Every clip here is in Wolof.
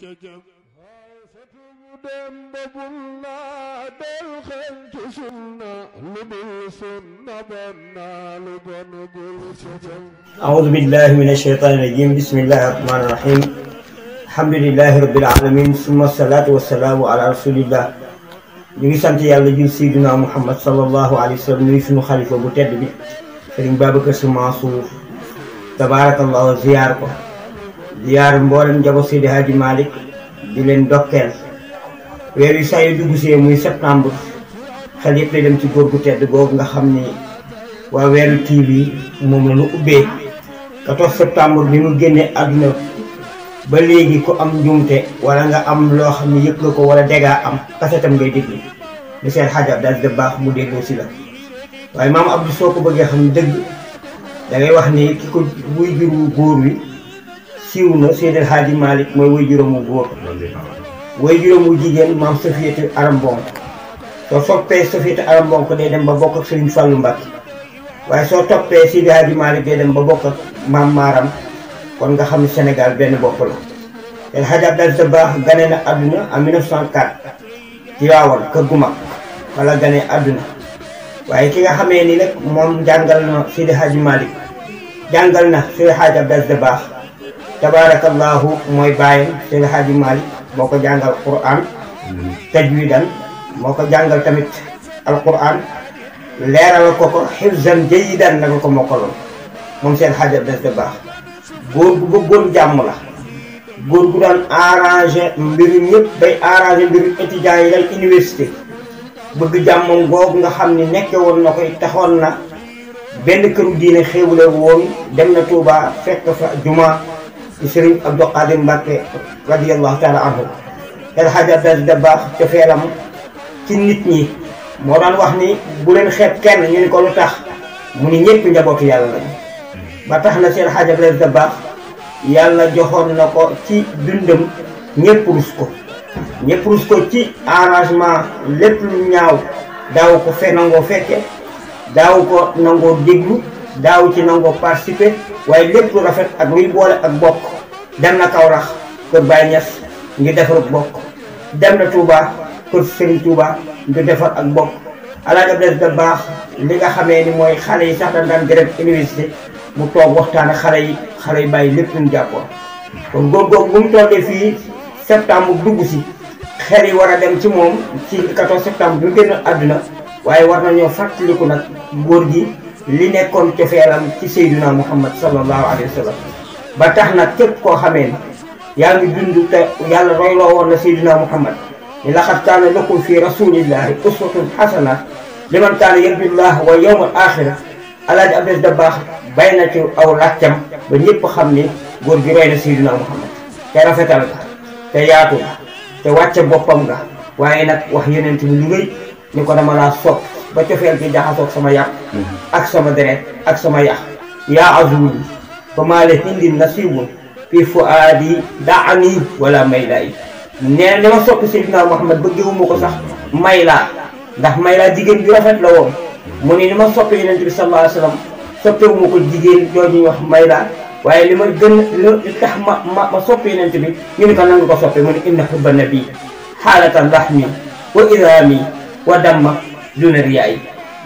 كجم ستبدا بلنا دلخن تسلنا لبلسن بنا لبن بلسن أعوذ بالله من الشيطان الرجيم بسم الله الرحمن الرحيم الحمد لله رب العالمين ثم الصلاة والسلام على رسول الله نيجي سانتي يالا جي سيدنا محمد صلى الله عليه وسلم نيجي سونو خليفه بو تيد بي سيرن بابكر سو تبارك الله زياركم ziyaar mboolem njaboot Seydi Hadji Malick di leen dokkeel weer yu saa yu dugg see muy septembre xel yëpp lay dem ci góor gu tedd boobu nga xam ni waa weeru TV moom la ñu ubbee 14 septembre bi mu génnee àdduna ba léegi ku am njuumte walla nga am loo xam ne yëg la ko wala degaa am kasetam ngay déglu ni seen xaaj Abdou de baax mu dégloo si la waaye maam Abdou soo ko bëggee xam dëgg da wax ni ki ko wuy juru góor wi siiw na Seydil Hadji Malick mooy way juróom wu góor way juróom wu jigéen maam Sofiyatu Aram soo soppee Sofiyatu Aram Bonk day dem ba bokk ak Serigne Fallou Mbacké waaye soo toppee Seydil Hadji Malick dem ba bokk ak maam Maram kon nga xam ne Sénégal benn bopp la El Hadj Abdal Dabakh gane na àdduna en 1904 ci waawoon kër gu mag wala gane àdduna waaye ki nga xamee ni nag moom jàngal na Seydi Hadji jàngal na Seydi Hadj Abdal tabaarakallaahu mooy bàyyam Seydi Hadji Malick moo ko jàngal Qur'an tajwidan moo ko jàngal tamit alquran leeralal ko ko xifzan jayidan naka ko mokkaloon moom seen xaajal des de baax góor gu bëggoon jàmm la góor gu daan arrangé mbiru ñëpp bay arrangé mbiru étudiants yi université bëgg jàmmam googu nga xam ni nekke na ko taxoon na benn këru diine xéewule woon dem na Touba fekk fa di Serigne Abdou Khadim Mbacke radiyallahu taala anhu El Hadj Abdou Dabakh ca ci nit ñi moo daan wax ni bu leen xeeb kenn ñu ni ko lu tax mu ni ñëpp njabootu yàlla ba tax na si El Hadj Abdou Dabakh yàlla joxoon na ko ci dundam ñëpp rus ko ñëpp rus ko ci arrangement lépp lu ñaaw daaw ko fe nangoo fekke daaw ko nangoo déglu daaw ci nangoo participer waaye lépp rafet ak luy boole ak bokk dem na Kawrax kër Baye Niass ngir defar bokk dem na Touba kër Serigne Touba ngir defar ak bokk alaaj Abdel da baax li nga xamee ni mooy xale yi sax dañ daan grève université mu toog waxtaan ak xale yi xale yi bàyyi lépp ñu jàppoon kon góorgóor bu mu de fii septembre dugg si xel yi war a dem ci moom ci 14 septembre bi génn àdduna waaye war na nañoo fàttaliku nag góor gi li nekkoon cofeelam ci Seydina Muhammad sallallahu alayhi wa sallam ba tax na képp koo xamee ni yaa ngi dund te yàlla royloo woon na Seydina Muhammad ni laqad kaana lakum fi rasulillahi uswatun hasana liman kaana yarjullaha wa yawmal axira alaaji Abdel Dabakh bay na ci aw laccam ba ñëpp xam ni góor gi roy na Seydina Muhammad te rafetal nga te yaatu nga te wàcce boppam nga waaye nag wax yeneen bi lu ni ko dama laa sopp ba cofeel bi jaxasoog sama yàq mm-hmm. ak sama deret ak sama yàq yaa azuli fama le hindi nasibun fi fuaadi daani wala mayla yi nee na ma soppi Seydina Muhammad ba géwuma ko sax maylaa ndax mayla jigéen bi rafet la woon mu ne ni ma soppi yonent bi sallallahu alayhi wasallam soppeewuma ko jigéen jooju ñuy wax maylaa waaye li ma gën li tax ma ma ma soppi yonent bi ñu ne ko nan nga ko soppe mu ne inna hubba nabi xaalatan rahmi wa irami wa damma duna riyaay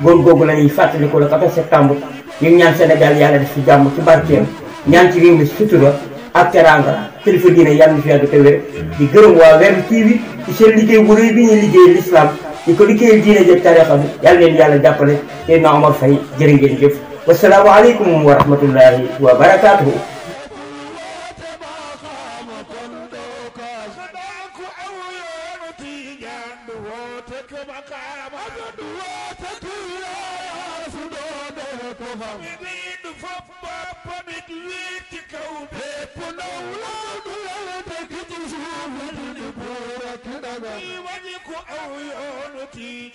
góor googu la ñuy fàttaliku le 14 septembre ñu ñaan Sénégal yàlla def ci jàmm ci barkeem ñaan ci réew mi sutura ak teraanga kilifa diine yàlla na fi yàgg te wér di gërëm waa Werdu TV ci seen liggéey bu rëy bi ñuy liggéey l'islam di ko liggéeyal diine jëf tarixa bi yàlla leen yàlla jàppale te na Omar Faye jërë ngeen jëf wasalaamu aleykum wa rahmatullahi wa barakaatuhu boppam lii du fopp boppam it lii ci kaw lépp ndaw la du la dëkk ci suuf di buur ak dagal lii wàññi ko aw yoonu ci